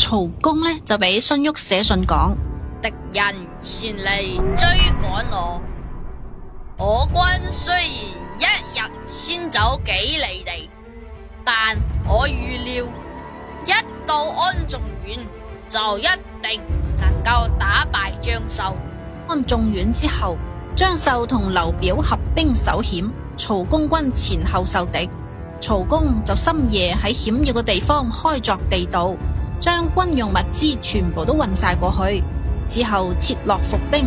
曹公呢就俾孫旭寫信講：敵人前嚟追趕我，我軍雖然一日先走幾里地，但我預料一到安眾縣就一定能夠打敗張秀。安眾縣之後，張秀同劉表合兵守險，曹公軍前後受敵，曹公就深夜喺險要嘅地方開鑿地道。將軍用物資全部都運晒過去之後，撤落伏兵。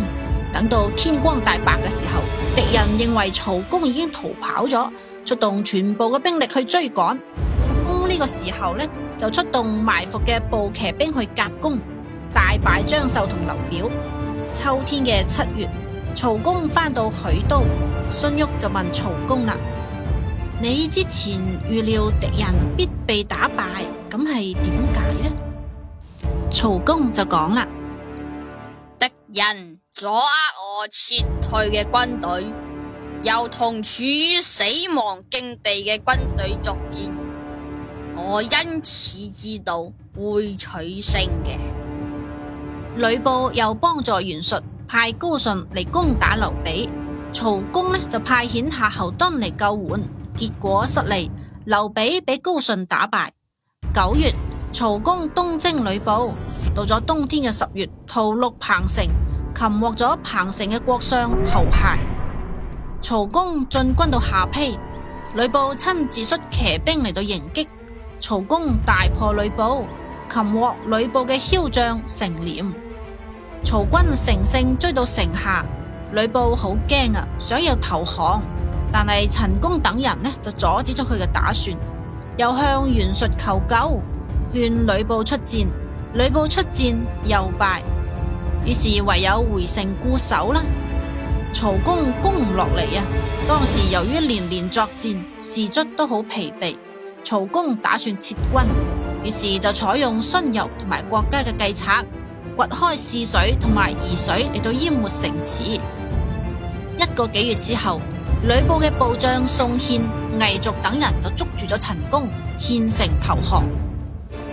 等到天光大白嘅時候，敵人認為曹公已經逃跑咗，出動全部嘅兵力去追趕。公呢個時候呢，就出動埋伏嘅步騎兵去夾攻，大敗張繡同劉表。秋天嘅七月，曹公翻到許都，孫旭就問曹公啦：你之前預料敵人必被打敗？咁係點解呢？曹公就講啦，敵人阻扼我撤退嘅軍隊，又同處於死亡境地嘅軍隊作戰，我因此知道會取勝嘅。呂布又幫助袁術派高順嚟攻打劉備，曹公呢就派遣夏侯惇嚟救援，結果失利，劉備俾高順打敗。九月，曹公東征呂布。到咗冬天嘅十月，屠戮彭城，擒獲咗彭城嘅國相侯諧。曹公進軍到下邳，呂布親自率騎兵嚟到迎擊，曹公大破呂布，擒獲呂布嘅驍將成廉。曹軍乘勝追到城下，呂布好驚啊，想要投降，但係陳宮等人呢就阻止咗佢嘅打算。又向袁術求救，勸呂布出戰，呂布出戰又敗，於是唯有回城固守啦。曹公攻唔落嚟啊！當時由於連連作戰，士卒都好疲憊，曹公打算撤軍，於是就採用荀攸同埋郭嘉嘅計策，掘開泗水同埋沂水嚟到淹沒城池。一個幾月之後。呂布嘅部將宋憲、魏續等人就捉住咗陳宮，獻城投降。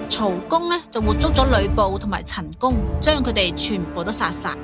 曹公呢就活捉咗呂布同埋陳宮，將佢哋全部都殺殺。